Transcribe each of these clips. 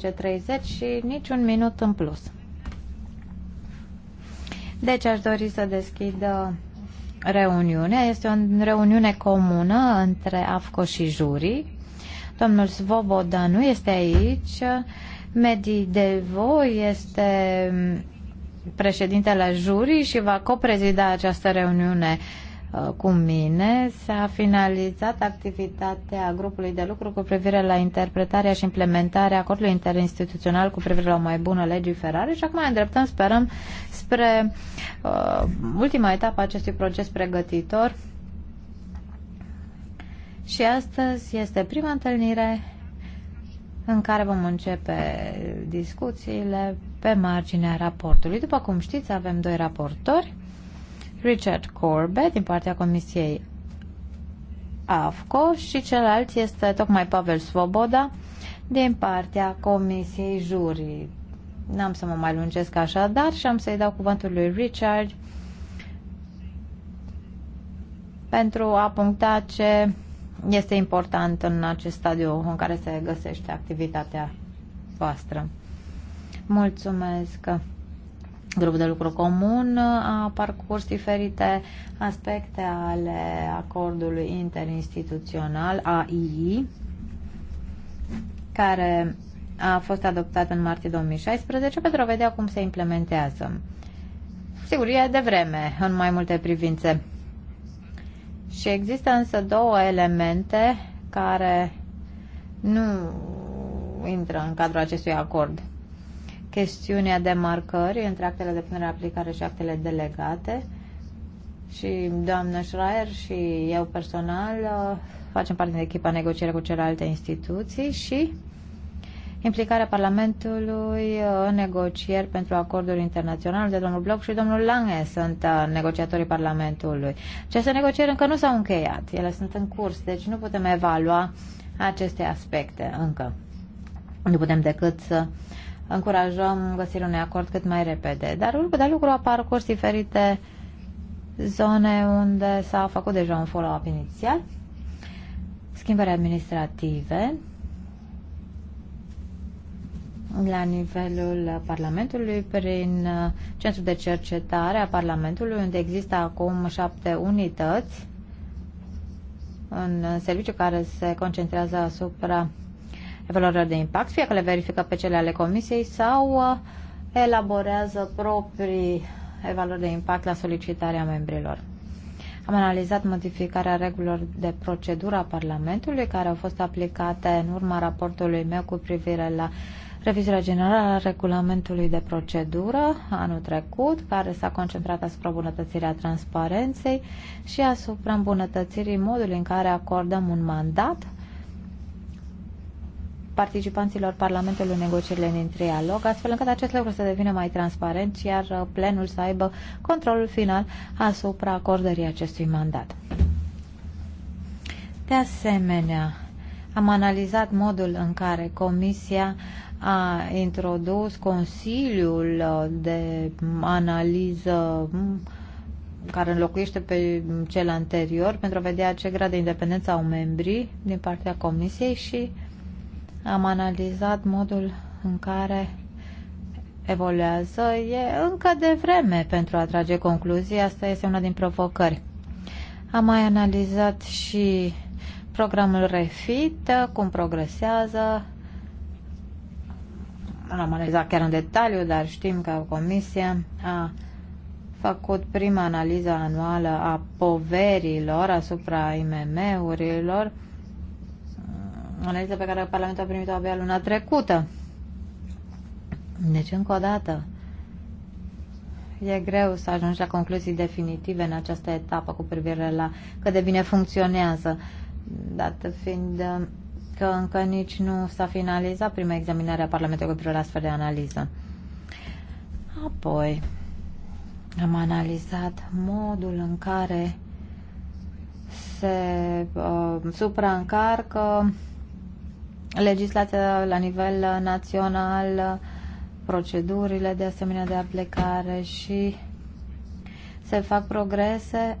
18.30 și niciun minut în plus. Deci aș dori să deschid uh, reuniunea. Este o reuniune comună între AFCO și jurii. Domnul Svoboda nu este aici. Medi Devo este mm, președintele jurii și va coprezida această reuniune Uh, cu mine s-a finalizat activitatea grupului de lucru cu privire la interpretarea și implementarea acordului interinstituțional cu privire la o mai bună legiferare și acum îndreptăm, sperăm, spre uh, ultima etapă a acestui proces pregătitor. Și astăzi este prima întâlnire în care vom începe discuțiile pe marginea raportului. După cum știți, avem doi raportori Richard Corbett din partea Comisiei AFCO și celălalt este tocmai Pavel Svoboda din partea Comisiei Jurii. N-am să mă mai lungesc așa, dar și am să-i dau cuvântul lui Richard pentru a puncta ce este important în acest stadiu în care se găsește activitatea voastră. Mulțumesc! grup de lucru comun uh, a parcurs diferite aspecte ale acordului interinstituțional AII, care a fost adoptat în martie 2016 pentru a vedea cum se implementează. Sigur, e de vreme în mai multe privințe. Și există însă două elemente care nu intră în cadrul acestui acord chestiunea marcări între actele de punere aplicare și actele delegate și doamna Schreier și eu personal uh, facem parte din echipa negociere cu celelalte instituții și implicarea Parlamentului uh, în negocieri pentru acorduri internaționale de domnul Bloc și domnul Lange sunt uh, negociatorii Parlamentului. Aceste negocieri încă nu s-au încheiat, ele sunt în curs, deci nu putem evalua aceste aspecte încă. Nu putem decât să uh, încurajăm găsirea unui acord cât mai repede. Dar lucru de lucru a parcurs diferite zone unde s-a făcut deja un follow-up inițial, schimbări administrative la nivelul Parlamentului prin Centrul de Cercetare a Parlamentului, unde există acum șapte unități în serviciu care se concentrează asupra evaluările de impact, fie că le verifică pe cele ale comisiei sau uh, elaborează proprii evaluări de impact la solicitarea membrilor. Am analizat modificarea regulilor de procedură a Parlamentului care au fost aplicate în urma raportului meu cu privire la revizia generală a regulamentului de procedură anul trecut, care s-a concentrat asupra îmbunătățirea transparenței și asupra îmbunătățirii modului în care acordăm un mandat participanților Parlamentului în negocierile din trialog, astfel încât acest lucru să devină mai transparent, iar uh, plenul să aibă controlul final asupra acordării acestui mandat. De asemenea, am analizat modul în care Comisia a introdus Consiliul uh, de analiză care înlocuiește pe cel anterior pentru a vedea ce grad de independență au membrii din partea Comisiei și am analizat modul în care evoluează. E încă de vreme pentru a trage concluzii. Asta este una din provocări. Am mai analizat și programul Refit, cum progresează. L-am analizat chiar în detaliu, dar știm că Comisia a făcut prima analiză anuală a poverilor asupra IMM-urilor analiză pe care Parlamentul a primit-o abia luna trecută. Deci, încă o dată, e greu să ajungi la concluzii definitive în această etapă cu privire la cât de bine funcționează, dat fiind uh, că încă nici nu s-a finalizat prima examinare a Parlamentului cu privire la astfel de analiză. Apoi, am analizat modul în care se uh, supraîncarcă legislația la nivel național, procedurile de asemenea de aplicare și se fac progrese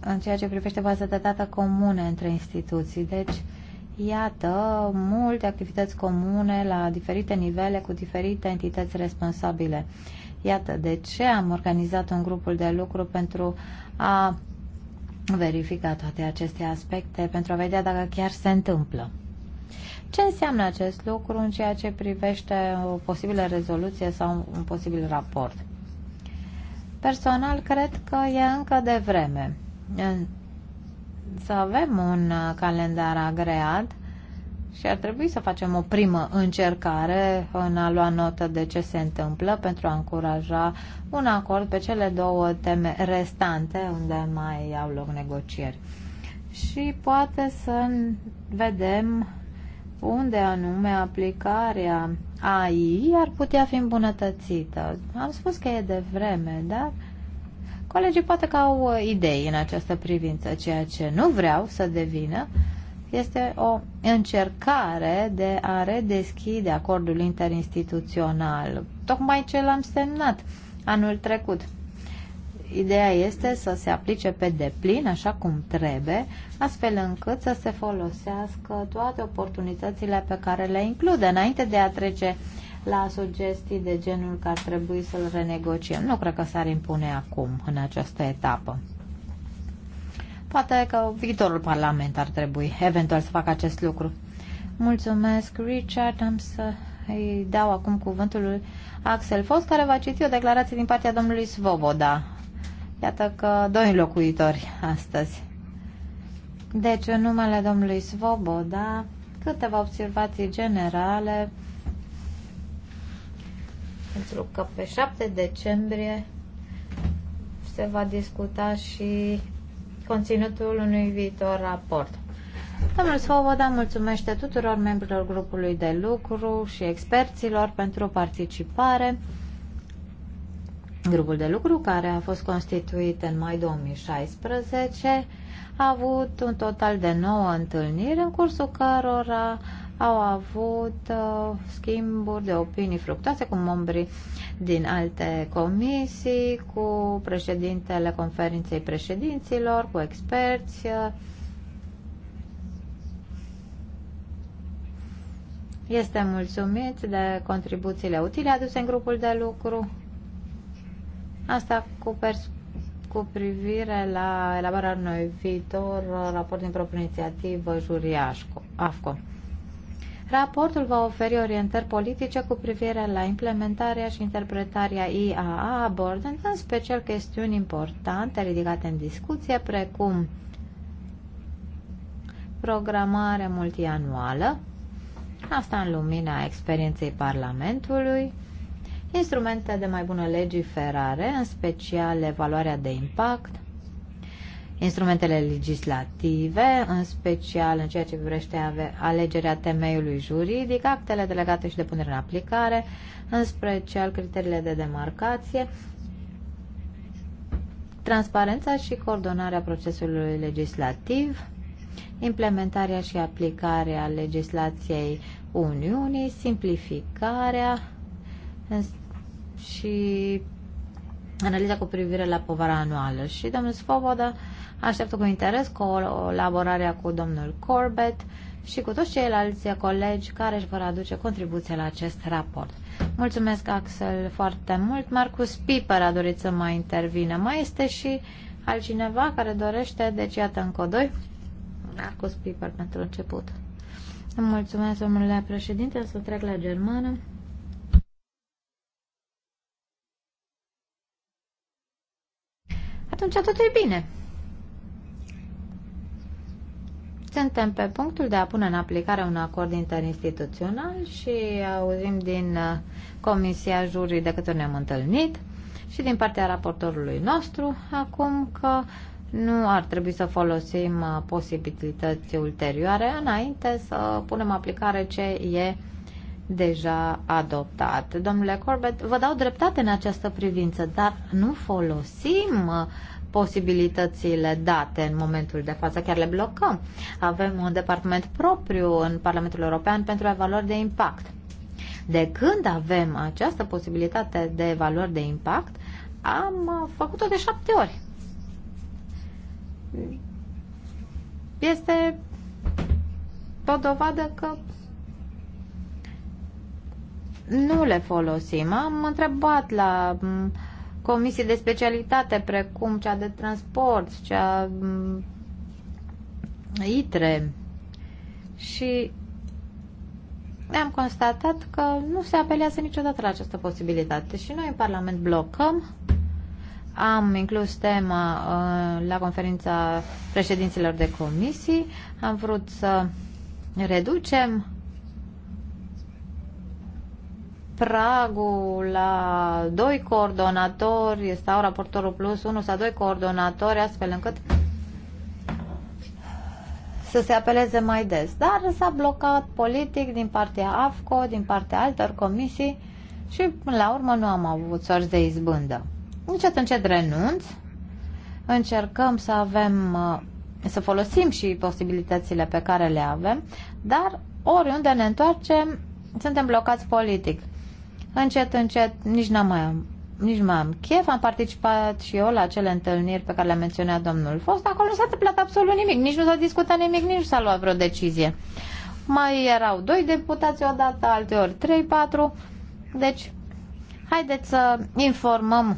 în ceea ce privește baza de dată comune între instituții. Deci, iată, multe activități comune la diferite nivele cu diferite entități responsabile. Iată de ce am organizat un grupul de lucru pentru a verifica toate aceste aspecte pentru a vedea dacă chiar se întâmplă. Ce înseamnă acest lucru în ceea ce privește o posibilă rezoluție sau un posibil raport? Personal, cred că e încă de vreme. Să avem un calendar agreat și ar trebui să facem o primă încercare în a lua notă de ce se întâmplă pentru a încuraja un acord pe cele două teme restante unde mai au loc negocieri. Și poate să vedem unde anume aplicarea AI ar putea fi îmbunătățită. Am spus că e de vreme, dar colegii poate că au idei în această privință, ceea ce nu vreau să devină este o încercare de a redeschide acordul interinstituțional, tocmai ce l-am semnat anul trecut. Ideea este să se aplice pe deplin, așa cum trebuie, astfel încât să se folosească toate oportunitățile pe care le include, înainte de a trece la sugestii de genul că ar trebui să-l renegociem. Nu cred că s-ar impune acum, în această etapă. Poate că viitorul parlament ar trebui eventual să facă acest lucru. Mulțumesc, Richard. Am să îi dau acum cuvântul lui Axel Fost, care va citi o declarație din partea domnului Svoboda. Iată că doi înlocuitori astăzi. Deci, în numele domnului Svoboda, câteva observații generale pentru că pe 7 decembrie se va discuta și conținutul unui viitor raport. Domnul Svoboda mulțumește tuturor membrilor grupului de lucru și experților pentru participare. Grupul de lucru, care a fost constituit în mai 2016, a avut un total de 9 întâlniri, în cursul cărora au avut uh, schimburi de opinii fructoase cu membrii din alte comisii, cu președintele conferinței președinților, cu experți. Uh. Este mulțumit de contribuțiile utile aduse în grupul de lucru. Asta cu, pers- cu privire la elaborarea unui viitor raport din proprie inițiativă juriașco, AFCO. Raportul va oferi orientări politice cu privire la implementarea și interpretarea IAA, abordând în special chestiuni importante ridicate în discuție, precum programare multianuală, asta în lumina experienței Parlamentului, instrumente de mai bună legiferare, în special evaluarea de impact, instrumentele legislative, în special în ceea ce privește alegerea temeiului juridic, actele delegate și de punere în aplicare, în special criteriile de demarcație, transparența și coordonarea procesului legislativ, implementarea și aplicarea legislației Uniunii, simplificarea și analiza cu privire la povara anuală și domnul Svoboda așteaptă cu interes colaborarea cu domnul Corbett și cu toți ceilalți colegi care își vor aduce contribuția la acest raport. Mulțumesc, Axel, foarte mult. Marcus Piper a dorit să mai intervină. Mai este și altcineva care dorește, deci iată încă doi. Marcus Piper pentru început. Mulțumesc, domnule președinte, să trec la germană. atunci totul e bine. Suntem pe punctul de a pune în aplicare un acord interinstituțional și auzim din uh, Comisia Jurii de câte ne-am întâlnit și din partea raportorului nostru acum că nu ar trebui să folosim uh, posibilități ulterioare înainte să punem aplicare ce e deja adoptat. Domnule Corbett, vă dau dreptate în această privință, dar nu folosim uh, posibilitățile date în momentul de față, chiar le blocăm. Avem un departament propriu în Parlamentul European pentru evaluări de impact. De când avem această posibilitate de evaluări de impact, am uh, făcut-o de șapte ori. Este o dovadă că nu le folosim. Am întrebat la comisii de specialitate precum cea de transport, cea ITRE și am constatat că nu se apelează niciodată la această posibilitate și noi în Parlament blocăm. Am inclus tema uh, la conferința președinților de comisii. Am vrut să reducem pragul la doi coordonatori sau raportorul plus unul sau doi coordonatori, astfel încât să se apeleze mai des. Dar s-a blocat politic din partea AFCO, din partea altor comisii și până la urmă nu am avut sorți de izbândă. Încet, încet renunț, încercăm să avem, uh, să folosim și posibilitățile pe care le avem, dar oriunde ne întoarcem, suntem blocați politic încet, încet, nici n-am mai nici mai am chef, am participat și eu la acele întâlniri pe care le-a menționat domnul Fost, acolo nu s-a întâmplat absolut nimic, nici nu s-a discutat nimic, nici nu s-a luat vreo decizie. Mai erau doi deputați odată, alteori trei, patru, deci haideți să informăm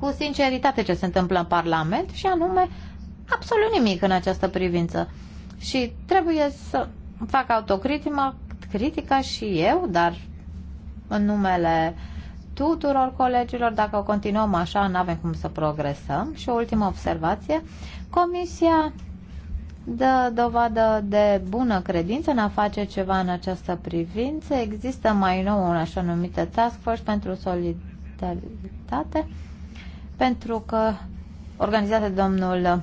cu sinceritate ce se întâmplă în Parlament și anume absolut nimic în această privință. Și trebuie să fac autocritica critică și eu, dar în numele tuturor colegilor. Dacă o continuăm așa, nu avem cum să progresăm. Și o ultimă observație. Comisia dă dovadă de bună credință în a face ceva în această privință. Există mai nou un așa numită task force pentru solidaritate, pentru că organizată de domnul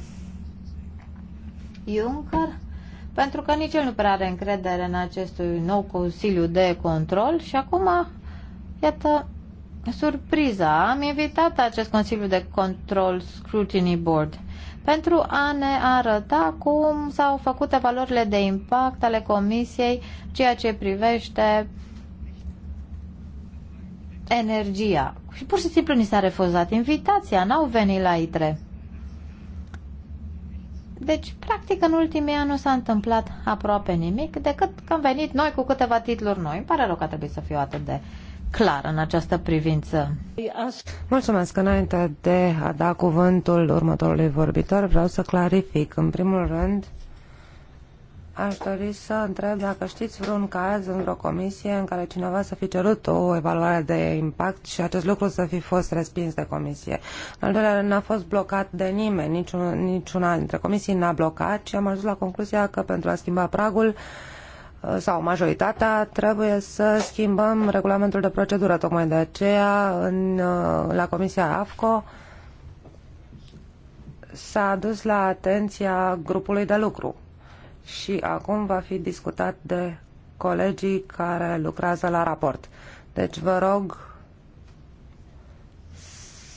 Juncker pentru că nici el nu prea are încredere în acestui nou Consiliu de Control și acum, iată, surpriza, am invitat acest Consiliu de Control Scrutiny Board pentru a ne arăta cum s-au făcut valorile de impact ale Comisiei ceea ce privește energia. Și pur și simplu ni s-a refuzat invitația, n-au venit la ITRE. Deci, practic, în ultimii ani nu s-a întâmplat aproape nimic, decât că am venit noi cu câteva titluri noi. Îmi pare rău că trebuie să fiu atât de clar în această privință. Mulțumesc. Înainte de a da cuvântul următorului vorbitor, vreau să clarific, în primul rând, Aș dori să întreb dacă știți vreun caz în vreo comisie în care cineva să fi cerut o evaluare de impact și acest lucru să fi fost respins de comisie. În al doilea rând, n-a fost blocat de nimeni, niciun, niciuna dintre comisii n-a blocat și am ajuns la concluzia că pentru a schimba pragul uh, sau majoritatea, trebuie să schimbăm regulamentul de procedură. Tocmai de aceea, în, uh, la Comisia AFCO, s-a adus la atenția grupului de lucru și acum va fi discutat de colegii care lucrează la raport. Deci vă rog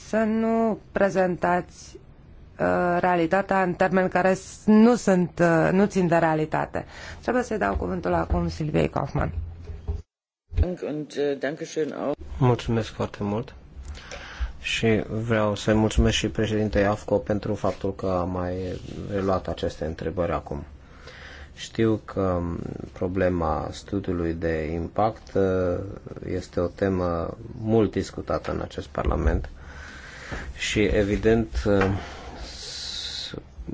să nu prezentați uh, realitatea în termeni care nu, sunt, uh, nu țin de realitate. Trebuie să-i dau cuvântul acum Silviei Kaufman. Uh, mulțumesc foarte mult și vreau să-i mulțumesc și președintei AFCO pentru faptul că a mai reluat aceste întrebări acum. Știu că problema studiului de impact uh, este o temă mult discutată în acest Parlament și evident uh,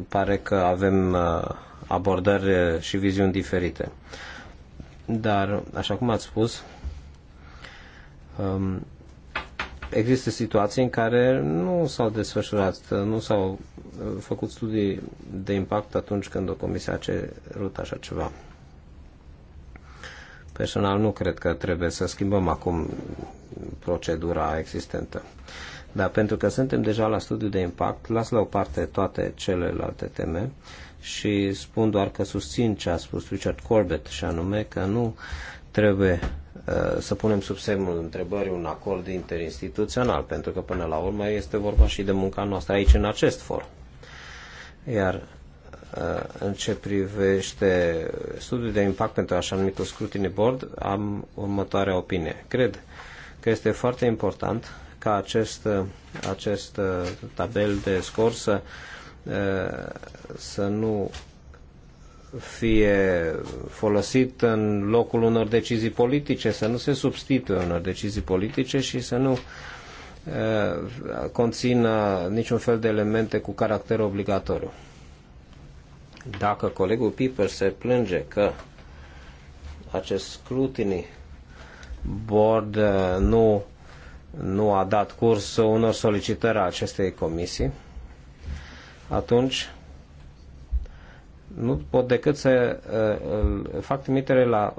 pare că avem uh, abordări și viziuni diferite. Dar, așa cum ați spus, um, există situații în care nu s-au desfășurat, nu s-au uh, făcut studii de impact atunci când o comisie a cerut așa ceva. Personal nu cred că trebuie să schimbăm acum procedura existentă. Dar pentru că suntem deja la studiu de impact, las la o parte toate celelalte teme și spun doar că susțin ce a spus Richard Corbett și anume că nu trebuie Eh, să punem sub semnul întrebării un acord interinstituțional, pentru că până la urmă este vorba și de munca noastră aici în acest for. Iar eh, în ce privește studiul de impact pentru așa numitul scrutiny board, am următoarea opinie. Cred că este foarte important ca acest, acest eh, tabel de scor să, să nu fie folosit în locul unor decizii politice, să nu se substituie unor decizii politice și să nu uh, conțină niciun fel de elemente cu caracter obligatoriu. Dacă colegul Piper se plânge că acest scrutiny board uh, nu, nu a dat curs unor solicitări a acestei comisii, atunci nu pot decât să uh, fac trimitere la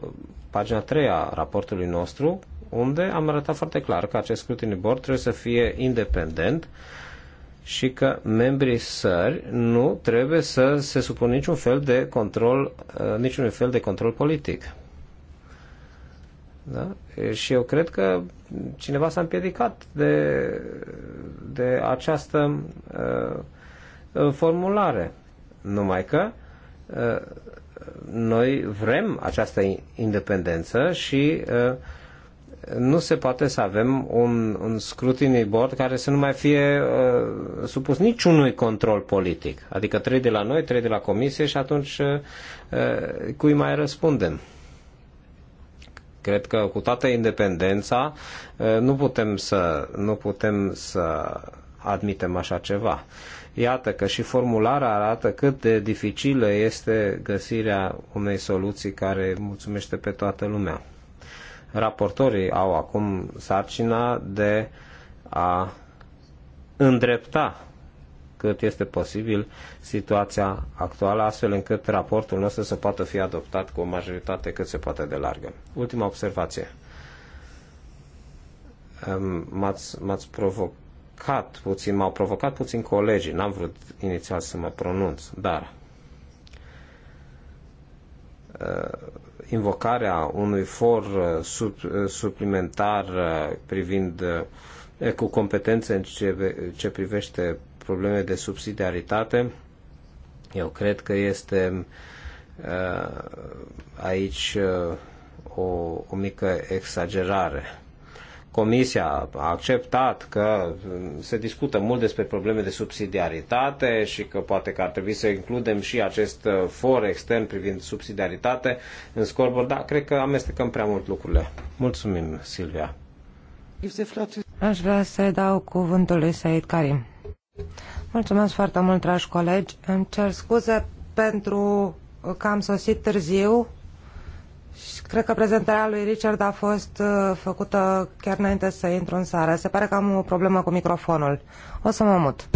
pagina 3 a raportului nostru, unde am arătat foarte clar că acest scrutiny board trebuie să fie independent și că membrii sări nu trebuie să se supună niciun fel de control, uh, niciun fel de control politic. Da? Și eu cred că cineva s-a împiedicat de, de această uh, formulare. Numai că uh, Uh, noi vrem această independență și uh, nu se poate să avem un, un scrutiny board care să nu mai fie uh, supus niciunui control politic. Adică trei de la noi, trei de la comisie și atunci uh, uh cui mai răspundem? Cred că cu toată independența uh, nu putem să, nu putem să admitem așa ceva. Uh, Iată că și formularea arată cât de dificilă este găsirea unei soluții care mulțumește pe toată lumea. Raportorii au acum sarcina de a îndrepta cât este posibil situația actuală, astfel încât raportul nostru să poată fi adoptat cu o majoritate cât se poate de largă. Ultima observație. M-ați, provocat provocat puțin, m-au provocat puțin colegii, n-am vrut inițial să mă pronunț, dar uh, invocarea unui for uh, uh, suplimentar privind cu competențe în ce, ce privește probleme de subsidiaritate, eu cred că este aici o, o mică exagerare. Comisia a acceptat că mm, se discută mult despre probleme de subsidiaritate și că poate că ar trebui să includem și acest uh, for extern privind subsidiaritate în scorbor, dar cred că amestecăm prea mult lucrurile. Mulțumim, Silvia. Aș vrea să dau cuvântul lui Said Karim. Mulțumesc foarte mult, dragi colegi. Îmi cer scuze pentru că am sosit târziu cred că prezentarea lui Richard a fost uh, făcută chiar înainte să intru în sală. Se pare că am o problemă cu microfonul. O să mă mut.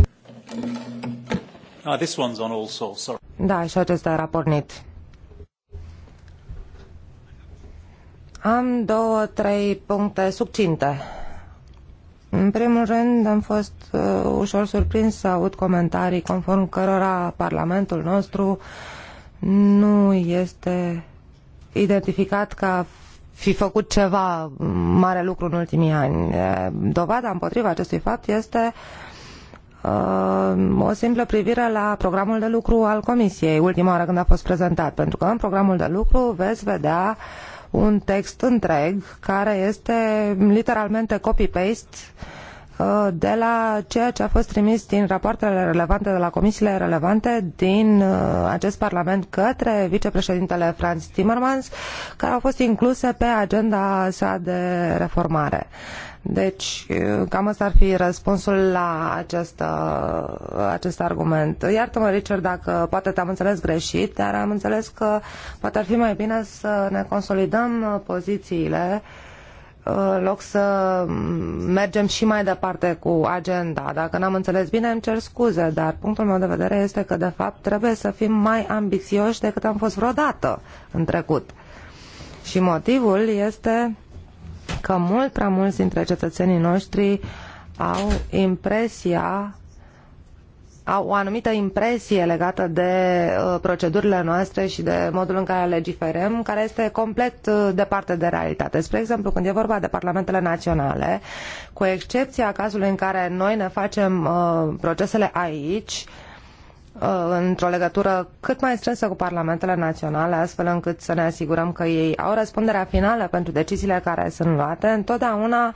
Ah, this one's on also, sorry. Da, și acesta era pornit. Am două, trei puncte succinte. În primul rând, am fost uh, ușor surprins să aud comentarii conform cărora Parlamentul nostru nu este identificat ca fi făcut ceva mare lucru în ultimii ani. Dovada împotriva acestui fapt este o simplă privire la programul de lucru al Comisiei, ultima oară când a fost prezentat, pentru că în programul de lucru veți vedea un text întreg care este literalmente copy-paste Uh, de la ceea ce a fost trimis din rapoartele relevante de la comisiile relevante din uh, acest Parlament către vicepreședintele Franz Timmermans, care au fost incluse pe agenda sa de reformare. Deci, uh, cam asta ar fi răspunsul la acest, acest argument. Iartă-mă, Richard, dacă poate te-am înțeles greșit, dar am înțeles că poate ar fi mai bine să ne consolidăm pozițiile uh, loc să mergem și mai departe cu agenda. Dacă n-am înțeles bine, îmi cer scuze, dar punctul meu de vedere este că, de fapt, trebuie să fim mai ambițioși decât am fost vreodată în trecut. Și motivul este că mult prea mulți dintre cetățenii noștri au impresia au o anumită impresie legată de uh, procedurile noastre și de modul în care legiferăm, care este complet uh, departe de realitate. Spre exemplu, când e vorba de parlamentele naționale, cu excepția cazului în care noi ne facem uh, procesele aici, Uh, într-o legătură cât mai strânsă cu parlamentele naționale, astfel încât să ne asigurăm că ei au răspunderea finală pentru deciziile care sunt luate, întotdeauna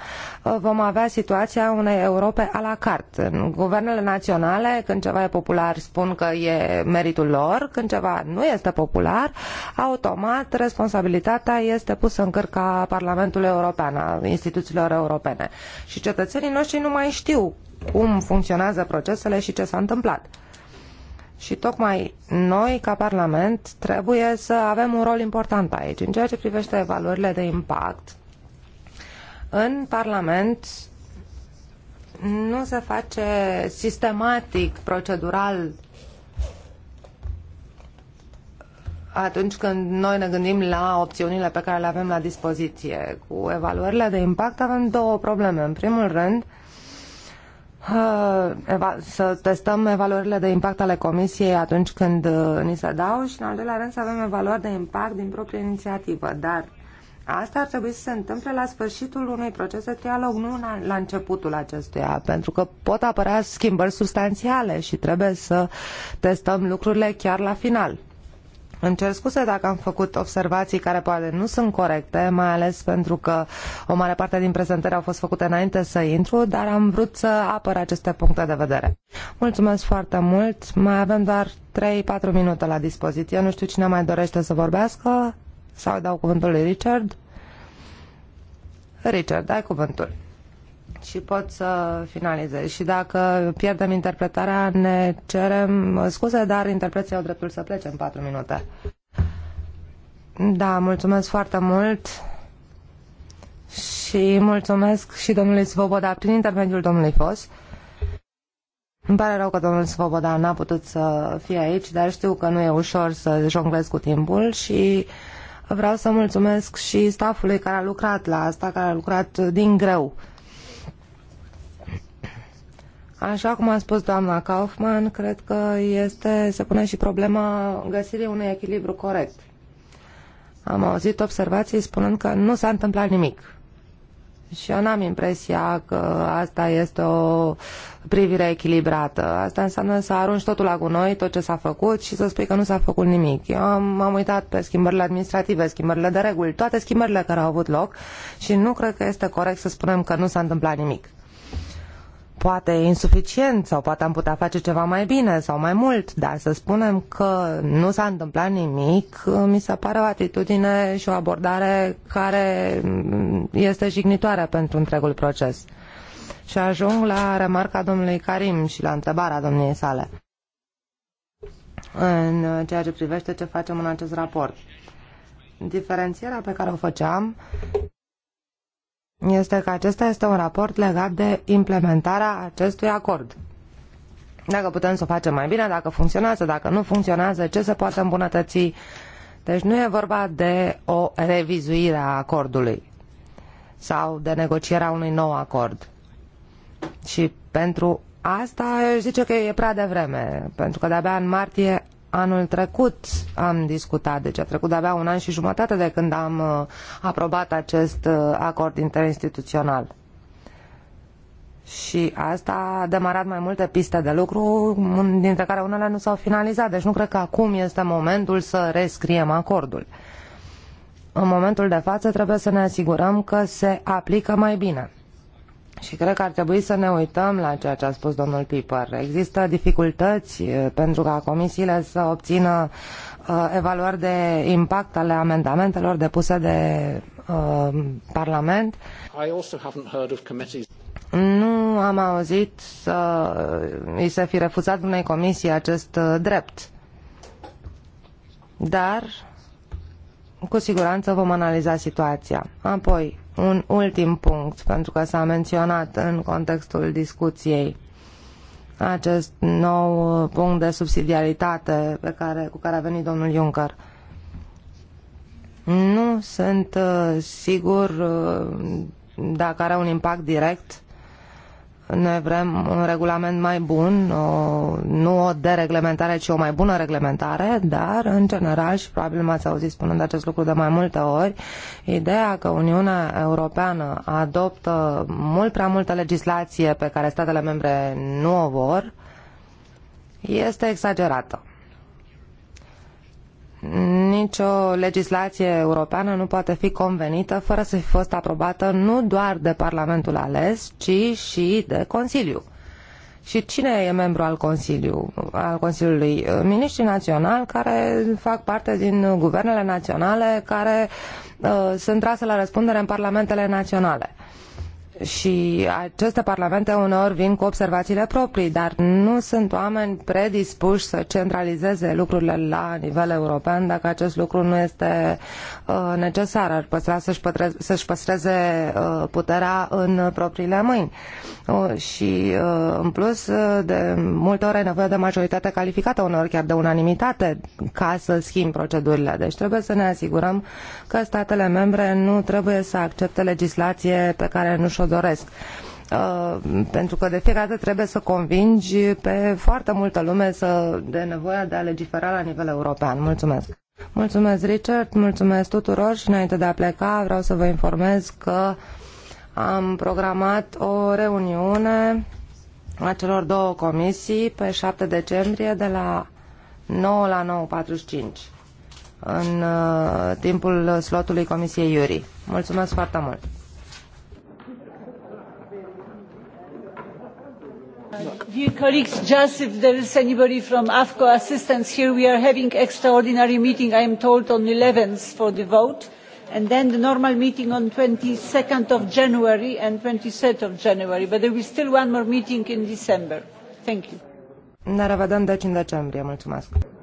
uh, vom avea situația unei Europe a la carte. Guvernele naționale, când ceva e popular, spun că e meritul lor, când ceva nu este popular, automat responsabilitatea este pusă în cârca Parlamentului European, a instituțiilor europene. Și cetățenii noștri nu mai știu cum funcționează procesele și ce s-a întâmplat. Și tocmai noi, ca Parlament, trebuie să avem un rol important aici. În ceea ce privește evaluările de impact, în Parlament nu se face sistematic, procedural, atunci când noi ne gândim la opțiunile pe care le avem la dispoziție. Cu evaluările de impact avem două probleme. În primul rând, uh, să testăm evaluările de impact ale comisiei atunci când uh, ni se dau și în al doilea rând să avem evaluări de impact din propria inițiativă, dar Asta ar trebui să se întâmple la sfârșitul unui proces de trialog, nu la, la începutul acestuia, pentru că pot apărea schimbări substanțiale și trebuie să testăm lucrurile chiar la final. Îmi cer scuze dacă am făcut observații care poate nu sunt corecte, mai ales pentru că o mare parte din prezentări au fost făcute înainte să intru, dar am vrut să apăr aceste puncte de vedere. Mulțumesc foarte mult. Mai avem doar 3-4 minute la dispoziție. Nu știu cine mai dorește să vorbească sau dau cuvântul lui Richard. Richard, dai cuvântul și pot să finalizez. Și dacă pierdem interpretarea, ne cerem scuze, dar interpreții au dreptul să plece în 4 minute. Da, mulțumesc foarte mult și mulțumesc și domnului Svoboda prin intermediul domnului Fos. Îmi pare rău că domnul Svoboda n-a putut să fie aici, dar știu că nu e ușor să jonglez cu timpul și vreau să mulțumesc și staffului care a lucrat la asta, care a lucrat din greu Așa cum a spus doamna Kaufman, cred că este, se pune și problema găsirii unui echilibru corect. Am auzit observații spunând că nu s-a întâmplat nimic. Și eu n-am impresia că asta este o privire echilibrată. Asta înseamnă să arunci totul la gunoi, tot ce s-a făcut și să spui că nu s-a făcut nimic. Eu am, am uitat pe schimbările administrative, schimbările de reguli, toate schimbările care au avut loc și nu cred că este corect să spunem că nu s-a întâmplat nimic poate e insuficient sau poate am putea face ceva mai bine sau mai mult, dar să spunem că nu s-a întâmplat nimic, mi se pare o atitudine și o abordare care este jignitoare pentru întregul proces. Și ajung la remarca domnului Karim și la întrebarea domniei sale în ceea ce privește ce facem în acest raport. Diferențierea pe care o făceam este că acesta este un raport legat de implementarea acestui acord. Dacă putem să o facem mai bine, dacă funcționează, dacă nu funcționează, ce se poate îmbunătăți. Deci nu e vorba de o revizuire a acordului sau de negocierea unui nou acord. Și pentru asta eu zice că e prea devreme, pentru că de-abia în martie anul trecut am discutat, deci a trecut abia un an și jumătate de când am uh, aprobat acest uh, acord interinstituțional. Și asta a demarat mai multe piste de lucru, dintre care unele nu s-au finalizat, deci nu cred că acum este momentul să rescriem acordul. În momentul de față trebuie să ne asigurăm că se aplică mai bine. Și cred că ar trebui să ne uităm la ceea ce a spus domnul Piper. Există dificultăți pentru ca comisiile să obțină uh, evaluări de impact ale amendamentelor depuse de uh, Parlament. Nu am auzit să îi se fi refuzat unei comisii acest drept. Dar cu siguranță vom analiza situația. Apoi, un ultim punct, pentru că s-a menționat în contextul discuției acest nou punct de subsidiaritate pe care, cu care a venit domnul Juncker. Nu sunt uh, sigur uh, dacă are un impact direct noi vrem un regulament mai bun, o, nu o dereglementare, ci o mai bună reglementare, dar, în general, și probabil m-ați auzit spunând acest lucru de mai multe ori, ideea că Uniunea Europeană adoptă mult prea multă legislație pe care statele membre nu o vor, este exagerată. Nicio legislație europeană nu poate fi convenită fără să fi fost aprobată nu doar de Parlamentul ales, ci și de Consiliu. Și cine e membru al, Consiliu, al Consiliului? Miniștrii naționali care fac parte din guvernele naționale care uh, sunt trase la răspundere în parlamentele naționale. Uh, și aceste parlamente uneori vin cu observațiile proprii, dar nu sunt oameni predispuși să centralizeze lucrurile la nivel european dacă acest lucru nu este uh, necesar. Ar păstra să-și, să păstreze uh, puterea în propriile mâini. Uh, și în plus, uh, de multe ori ai nevoie de majoritate calificată, uneori chiar de unanimitate, ca să schimbi procedurile. Deci trebuie să ne asigurăm că statele membre nu trebuie să accepte legislație pe care nu și-o doresc. Uh, pentru că de fiecare dată trebuie să convingi pe foarte multă lume să, de nevoia de a legifera la nivel european. Mulțumesc! Mulțumesc, Richard, mulțumesc tuturor și înainte de a pleca vreau să vă informez că am programat o reuniune a celor două comisii pe 7 decembrie de la 9 la 9.45 în uh, timpul slotului Comisiei Iuri. Mulțumesc foarte mult! Dear colleagues, just if there is anybody from AFCO assistance here, we are having extraordinary meeting, I am told, on 11th for the vote, and then the normal meeting on 22nd of January and 23rd of January, but there will be still one more meeting in December. Thank you. Ne revedem deci în decembrie. Mulțumesc.